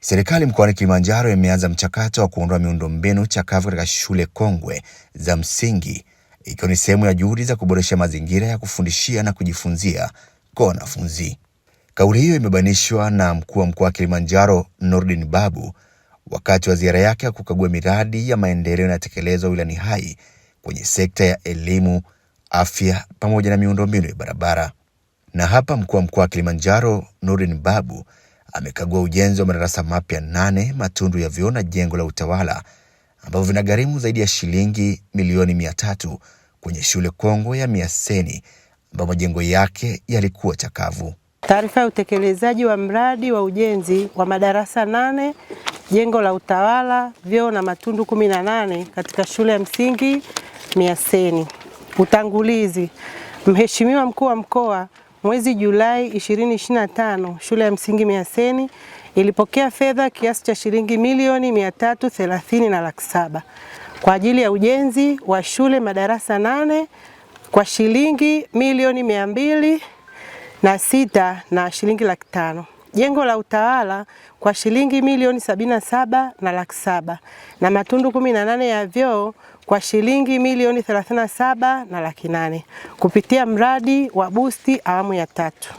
Serikali mkoani Kilimanjaro imeanza mchakato wa kuondoa miundombinu chakavu katika shule kongwe za msingi ikiwa ni sehemu ya juhudi za kuboresha mazingira ya kufundishia na kujifunzia kwa wanafunzi. Kauli hiyo imebainishwa na mkuu wa mkoa wa Kilimanjaro, Nordin Babu, wakati wa ziara yake ya kukagua miradi ya maendeleo inayotekelezwa wilayani Hai kwenye sekta ya elimu, afya pamoja na miundombinu ya barabara. Na hapa mkuu wa mkoa wa Kilimanjaro, Nordin Babu amekagua ujenzi wa madarasa mapya nane matundu ya vyoo na jengo la utawala ambavyo vinagharimu zaidi ya shilingi milioni mia tatu kwenye shule kongwe ya Miaseni ambayo majengo yake yalikuwa chakavu. Taarifa ya utekelezaji wa mradi wa ujenzi wa madarasa nane, jengo la utawala, vyoo na matundu kumi na nane katika shule ya msingi Miaseni. Utangulizi. Mheshimiwa Mkuu wa Mkoa mwezi Julai 2025 shule ya msingi Miaseni ilipokea fedha kiasi cha shilingi milioni 330 na laki saba kwa ajili ya ujenzi wa shule madarasa nane kwa shilingi milioni mia mbili na sita na shilingi laki tano jengo la utawala kwa shilingi milioni sabini na saba na laki saba na matundu kumi na nane ya vyoo kwa shilingi milioni thelathini na saba na laki nane kupitia mradi wa busti awamu ya tatu.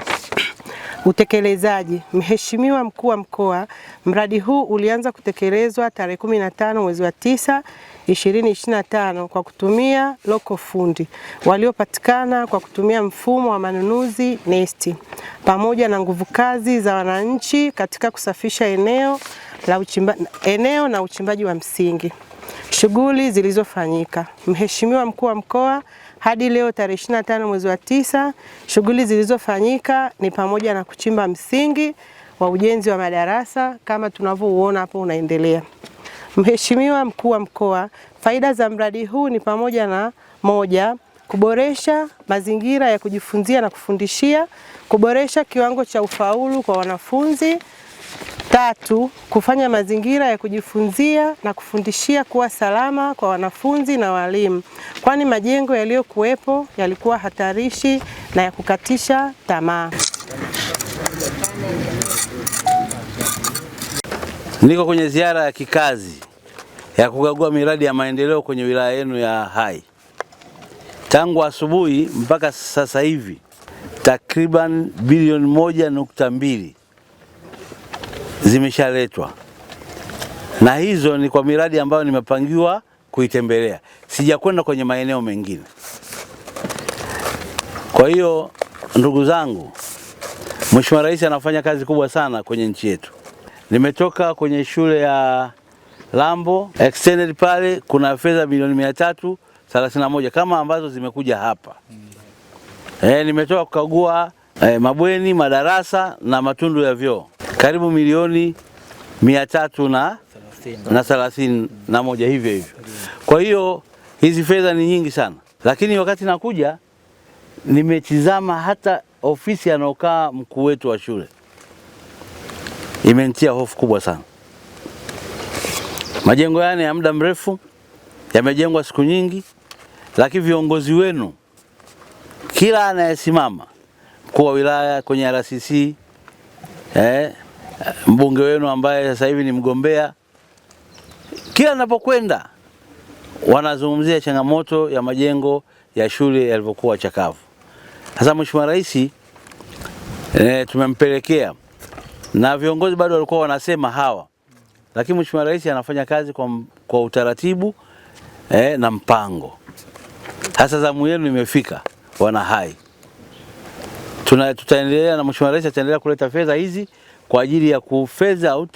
Utekelezaji. Mheshimiwa Mkuu wa Mkoa, mradi huu ulianza kutekelezwa tarehe 15 mwezi wa 9 2025 kwa kutumia loko fundi waliopatikana kwa kutumia mfumo wa manunuzi NeST pamoja na nguvu kazi za wananchi katika kusafisha eneo, la uchimba, eneo na uchimbaji wa msingi. Shughuli zilizofanyika. Mheshimiwa Mkuu wa Mkoa, hadi leo tarehe 25 mwezi wa tisa, shughuli zilizofanyika ni pamoja na kuchimba msingi wa ujenzi wa madarasa kama tunavyouona hapo unaendelea. Mheshimiwa Mkuu wa Mkoa, faida za mradi huu ni pamoja na moja, kuboresha mazingira ya kujifunzia na kufundishia, kuboresha kiwango cha ufaulu kwa wanafunzi. Tatu, kufanya mazingira ya kujifunzia na kufundishia kuwa salama kwa wanafunzi na walimu, kwani majengo yaliyokuwepo yalikuwa hatarishi na ya kukatisha tamaa. Niko kwenye ziara ya kikazi ya kukagua miradi ya maendeleo kwenye wilaya yenu ya Hai. Tangu asubuhi mpaka sasa hivi takriban bilioni moja nukta mbili zimeshaletwa na hizo ni kwa miradi ambayo nimepangiwa kuitembelea, sijakwenda kwenye maeneo mengine. Kwa hiyo ndugu zangu, Mheshimiwa Rais anafanya kazi kubwa sana kwenye nchi yetu. Nimetoka kwenye shule ya Lambo extended pale kuna fedha bilioni mia tatu thelathini na moja kama ambazo zimekuja hapa e, nimetoka kukagua e, mabweni, madarasa na matundu ya vyoo karibu milioni mia tatu na na thelathini na moja hivyo hivyo. Kwa hiyo hizi fedha ni nyingi sana, lakini wakati nakuja nimetizama hata ofisi anaokaa mkuu wetu wa shule imenitia hofu kubwa sana. Majengo yane ya muda mrefu yamejengwa siku nyingi. Lakini viongozi wenu, kila anayesimama, mkuu wa wilaya kwenye RCC, eh, mbunge wenu ambaye sasa hivi ni mgombea, kila anapokwenda wanazungumzia changamoto ya majengo ya shule yalivyokuwa chakavu. Sasa Mheshimiwa Rais eh, tumempelekea na viongozi bado walikuwa wanasema hawa, lakini Mheshimiwa Rais anafanya kazi kwa, kwa utaratibu eh, na mpango. Sasa zamu yenu imefika, wana Hai. Tuna, tutaendelea na Mheshimiwa Rais ataendelea kuleta fedha hizi kwa ajili ya ku phase out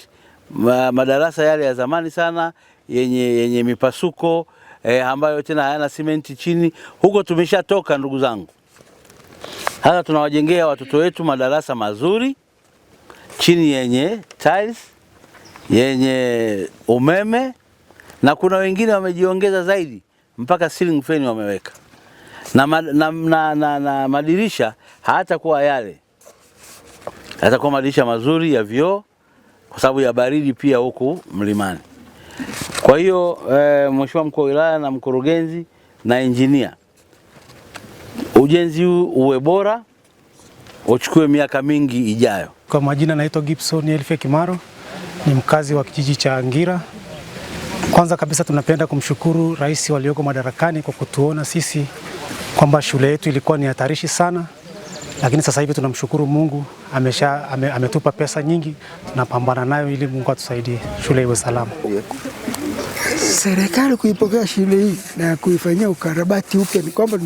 madarasa yale ya zamani sana yenye, yenye mipasuko eh, ambayo tena hayana simenti chini. Huko tumeshatoka ndugu zangu. Sasa tunawajengea watoto wetu madarasa mazuri chini yenye tiles, yenye umeme na kuna wengine wamejiongeza zaidi mpaka ceiling fan wameweka na, na, na, na, na, na madirisha hayatakuwa yale, yatakuwa madirisha mazuri ya vioo kwa sababu ya baridi pia huku mlimani. Kwa hiyo e, Mheshimiwa mkuu wa wilaya na mkurugenzi na injinia, ujenzi huu uwe bora, uchukue miaka mingi ijayo. Kwa majina naitwa Gibson Elfe Kimaro, ni mkazi wa kijiji cha Ngira. Kwanza kabisa tunapenda kumshukuru rais walioko madarakani kwa kutuona sisi kwamba shule yetu ilikuwa ni hatarishi sana, lakini sasa hivi tunamshukuru Mungu amesha, ame, ametupa pesa nyingi tunapambana nayo ili Mungu atusaidie shule iwe salama. Serikali kuipokea shule hii na kuifanyia ukarabati upya, ni kwamba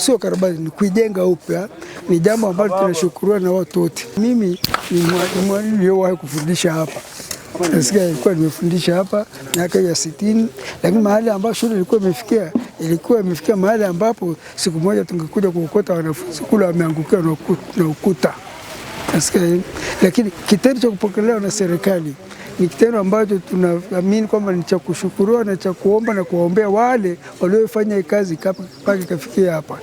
sio ukarabati, ni kuijenga upya, ni jambo ambalo tunashukuriwa na watu wote. Mimi ni mwalimu niliyowahi kufundisha hapa. Nasikia ilikuwa nimefundisha hapa miaka ya sitini, lakini mahali ambapo shule ilikuwa imefikia ilikuwa imefikia mahali ambapo siku moja tungekuja kuokota wanafunzi kule wameangukiwa na ukuta. Nasikia lakini kitendo cha kupokelewa na serikali ni kitendo ambacho tunaamini kwamba ni cha kushukuriwa na cha kuomba na kuwaombea wale waliofanya kazi mpaka ikafikia hapa.